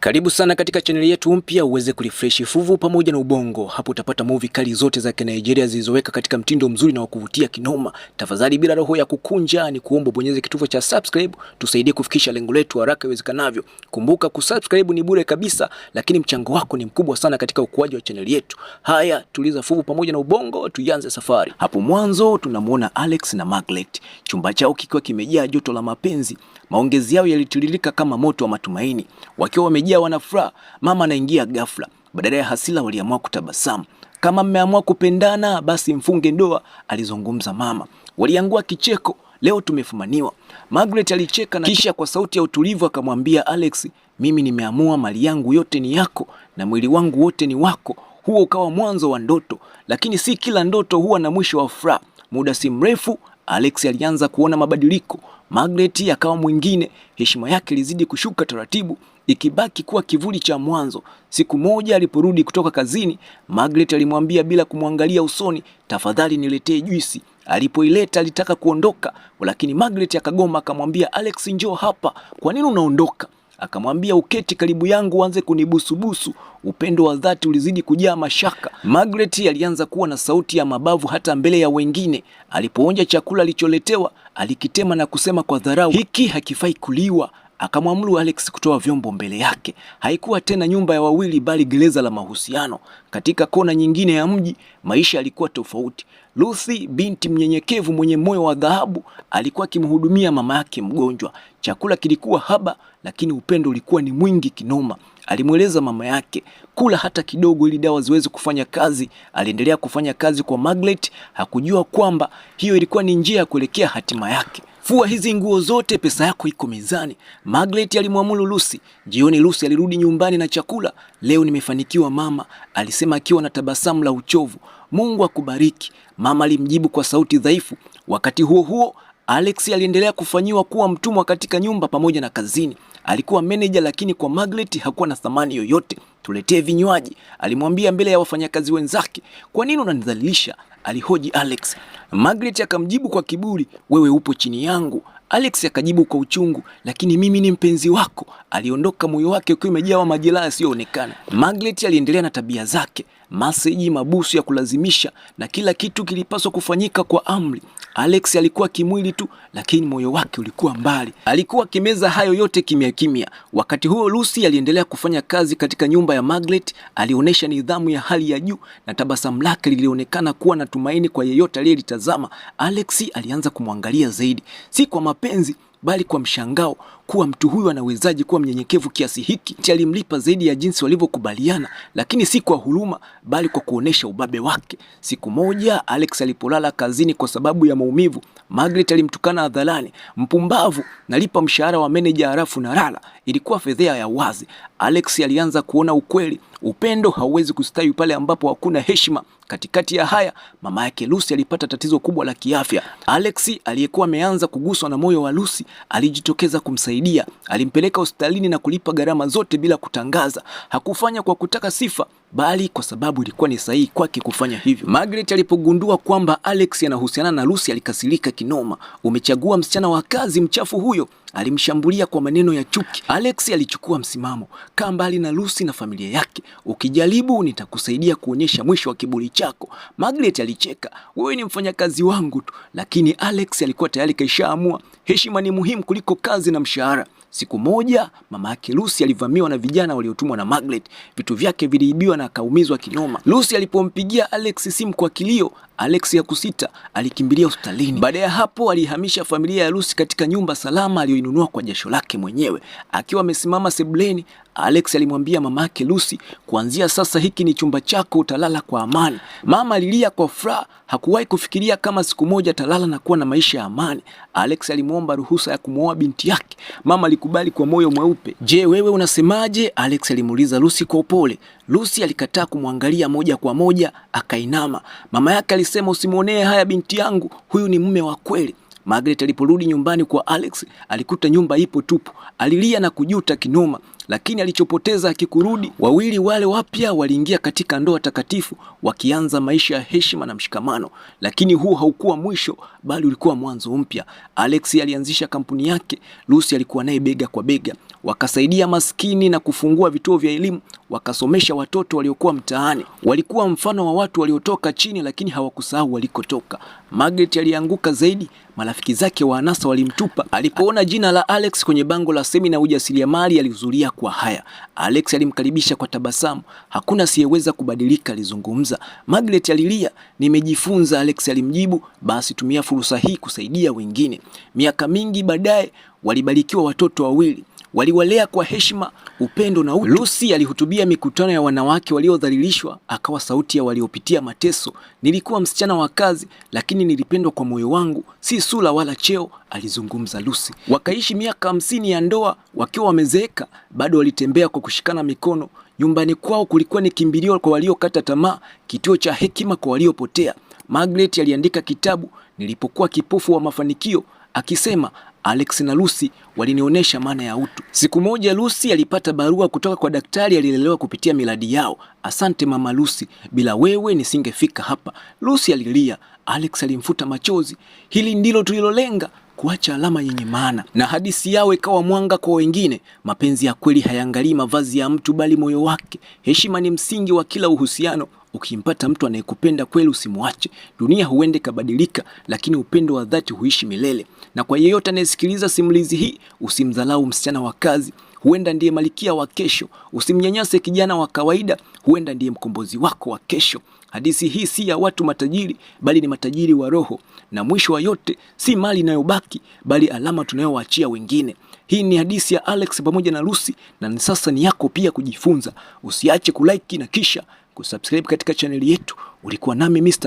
Karibu sana katika chaneli yetu mpya uweze kurefresh fuvu pamoja na ubongo. Hapo utapata movie kali zote za Kinigeria zilizoweka katika mtindo mzuri na wa kuvutia kinoma. Tafadhali, bila roho ya kukunja, ni kuomba bonyeze kitufe cha subscribe, tusaidie kufikisha lengo letu haraka iwezekanavyo. Kumbuka, kusubscribe ni bure kabisa, lakini mchango wako ni mkubwa sana katika ukuaji wa chaneli yetu. Haya, tuliza fuvu pamoja na ubongo, tuianze safari. Hapo mwanzo tunamwona Alex na Margaret, chumba chao kikiwa kimejaa joto la mapenzi. Maongezi yao yalitiririka kama moto wa matumaini, wakiwa wame wamejaa furaha. mama anaingia ghafla. Badala ya hasila waliamua kutabasamu. Kama mmeamua kupendana basi mfunge ndoa, alizungumza mama. Waliangua kicheko, leo tumefumaniwa. Margaret alicheka na kisha kwa sauti ya utulivu akamwambia Alex, mimi nimeamua mali yangu yote ni yako na mwili wangu wote ni wako. Huo ukawa mwanzo wa ndoto, lakini si kila ndoto huwa na mwisho wa furaha. Muda si mrefu Alex alianza kuona mabadiliko. Margaret akawa mwingine, heshima yake ilizidi kushuka taratibu, ikibaki kuwa kivuli cha mwanzo. Siku moja aliporudi kutoka kazini, Margaret alimwambia bila kumwangalia usoni, tafadhali niletee juisi. Alipoileta alitaka kuondoka, lakini Margaret akagoma, akamwambia Alex, njoo hapa, kwa nini unaondoka? akamwambia uketi karibu yangu uanze kunibusubusu. Upendo wa dhati ulizidi kujaa mashaka. Margaret alianza kuwa na sauti ya mabavu hata mbele ya wengine. Alipoonja chakula alicholetewa alikitema na kusema kwa dharau, hiki hakifai kuliwa akamwamuru Alex kutoa vyombo mbele yake. Haikuwa tena nyumba ya wawili, bali gereza la mahusiano. Katika kona nyingine ya mji, maisha yalikuwa tofauti. Ruthi, binti mnyenyekevu mwenye moyo wa dhahabu, alikuwa akimhudumia mama yake mgonjwa. Chakula kilikuwa haba, lakini upendo ulikuwa ni mwingi kinoma. Alimweleza mama yake kula hata kidogo ili dawa ziweze kufanya kazi. Aliendelea kufanya kazi kwa Margaret, hakujua kwamba hiyo ilikuwa ni njia ya kuelekea hatima yake. Fua hizi nguo zote, pesa yako iko mezani. Margaret alimwamuru Lucy. Jioni Lucy alirudi nyumbani na chakula. Leo nimefanikiwa mama, alisema akiwa na tabasamu la uchovu. Mungu akubariki, mama alimjibu kwa sauti dhaifu. Wakati huo huo, Alex aliendelea kufanyiwa kuwa mtumwa katika nyumba pamoja na kazini. Alikuwa meneja lakini kwa Margaret hakuwa na thamani yoyote. Tuletee vinywaji, alimwambia mbele ya wafanyakazi wenzake. Kwa nini unanidhalilisha? alihoji Alex. Margaret akamjibu kwa kiburi, wewe upo chini yangu. Alex akajibu kwa uchungu, lakini mimi ni mpenzi wako. Aliondoka, moyo wake ukiwa umejawa majeraha yasiyoonekana. Margaret aliendelea na tabia zake maseji mabusu ya kulazimisha na kila kitu kilipaswa kufanyika kwa amri. Alex alikuwa kimwili tu, lakini moyo wake ulikuwa mbali. Alikuwa akimeza hayo yote kimya kimya. Wakati huo Lucy aliendelea kufanya kazi katika nyumba ya Margaret. Alionyesha nidhamu ya hali ya juu na tabasamu lake lilionekana kuwa na tumaini kwa yeyote aliyelitazama. Alex alianza kumwangalia zaidi, si kwa mapenzi bali kwa mshangao kuwa mtu huyu anawezaje kuwa mnyenyekevu kiasi hiki? Alimlipa zaidi ya jinsi walivyokubaliana, lakini si kwa huruma, bali kwa kuonesha ubabe wake. Siku moja Alex alipolala kazini kwa sababu ya maumivu, Margaret alimtukana hadharani, mpumbavu, nalipa mshahara wa meneja harafu na lala. Ilikuwa fedhea ya wazi. Alex alianza kuona ukweli, upendo hauwezi kustawi pale ambapo hakuna heshima. Katikati ya haya, mama yake Lucy alipata tatizo kubwa la kiafya. Alex aliyekuwa ameanza kuguswa na moyo wa Lucy alijitokeza kumsaidia kumsaidia. Alimpeleka hospitalini na kulipa gharama zote bila kutangaza. Hakufanya kwa kutaka sifa, bali kwa sababu ilikuwa ni sahihi kwake kufanya hivyo. Margaret alipogundua kwamba Alex anahusiana na Lucy alikasirika kinoma. Umechagua msichana wa kazi mchafu huyo, alimshambulia kwa maneno ya chuki. Alex alichukua msimamo, kaa mbali na Lucy na familia yake, ukijaribu nitakusaidia kuonyesha mwisho wa kiburi chako. Margaret alicheka, wewe ni mfanyakazi wangu tu, lakini Alex alikuwa tayari kaishaamua, heshima ni muhimu kuliko kazi na mshahara. Siku moja mama yake Lucy alivamiwa na vijana waliotumwa na Margaret, vitu vyake viliibiwa na akaumizwa kinoma. Lucy alipompigia Alex simu kwa kilio, Alex kusita alikimbilia hospitalini. Baada ya hapo, alihamisha familia ya Lucy katika nyumba salama aliyoinunua kwa jasho lake mwenyewe. Akiwa amesimama sebuleni, Alex alimwambia mama yake Lucy, kuanzia sasa hiki ni chumba chako, utalala kwa amani. Mama alilia kwa furaha, hakuwahi kufikiria kama siku moja atalala na kuwa na maisha ya amani. Alex alimwomba ruhusa ya kumwoa binti yake. Mama alikubali kwa moyo mweupe. Je, wewe unasemaje? Alex alimuuliza Lucy kwa upole. Lucy alikataa kumwangalia moja kwa moja, akainama. Mama yake Alisema usimwonee haya binti yangu, huyu ni mume wa kweli. Margaret aliporudi nyumbani kwa Alex alikuta nyumba ipo tupu. Alilia na kujuta kinoma, lakini alichopoteza akikurudi. Wawili wale wapya waliingia katika ndoa takatifu, wakianza maisha ya heshima na mshikamano. Lakini huu haukuwa mwisho, bali ulikuwa mwanzo mpya. Alex alianzisha kampuni yake, Lucy alikuwa naye bega kwa bega, wakasaidia maskini na kufungua vituo vya elimu wakasomesha watoto waliokuwa mtaani. Walikuwa mfano wa watu waliotoka chini, lakini hawakusahau walikotoka. Margaret alianguka zaidi, marafiki zake wa anasa walimtupa. Alipoona jina la Alex kwenye bango la semina ujasiriamali, alihudhuria kwa haya. Alex alimkaribisha kwa tabasamu. Hakuna asiyeweza kubadilika, alizungumza. Margaret alilia, nimejifunza. Alex alimjibu, basi tumia fursa hii kusaidia wengine. Miaka mingi baadaye walibarikiwa watoto wawili waliwalea kwa heshima, upendo na utu. Lucy alihutubia mikutano ya wanawake waliodhalilishwa, akawa sauti ya waliopitia mateso. Nilikuwa msichana wa kazi, lakini nilipendwa kwa moyo wangu, si sura wala cheo, alizungumza Lucy. Wakaishi miaka hamsini ya ndoa wakiwa wamezeeka, bado walitembea kwa kushikana mikono. Nyumbani kwao kulikuwa ni kimbilio kwa waliokata tamaa, kituo cha hekima kwa waliopotea. Margaret aliandika kitabu Nilipokuwa Kipofu wa Mafanikio akisema Alex na Lucy walinionyesha maana ya utu. Siku moja Lucy alipata barua kutoka kwa daktari alielelewa kupitia miradi yao. Asante mama Lucy, bila wewe nisingefika hapa. Lucy alilia, Alex alimfuta machozi. Hili ndilo tulilolenga kuacha alama yenye maana, na hadithi yao ikawa mwanga kwa wengine. Mapenzi ya kweli hayaangalii mavazi ya mtu, bali moyo wake. Heshima ni msingi wa kila uhusiano. Ukimpata mtu anayekupenda kweli, usimwache. Dunia huende kabadilika lakini upendo wa dhati huishi milele. Na kwa yeyote anayesikiliza simulizi hii, usimdhalau msichana wa kazi, huenda ndiye malikia wa kesho. Usimnyanyase kijana wa kawaida, huenda ndiye mkombozi wako wa kesho. Hadithi hii si ya watu matajiri, bali ni matajiri wa roho, na mwisho wa yote si mali inayobaki, bali alama tunayowaachia wengine. Hii ni hadithi ya Alex pamoja na Lucy, na sasa ni yako pia kujifunza. Usiache kulike na kisha kusubscribe katika chaneli yetu. Ulikuwa nami Mr.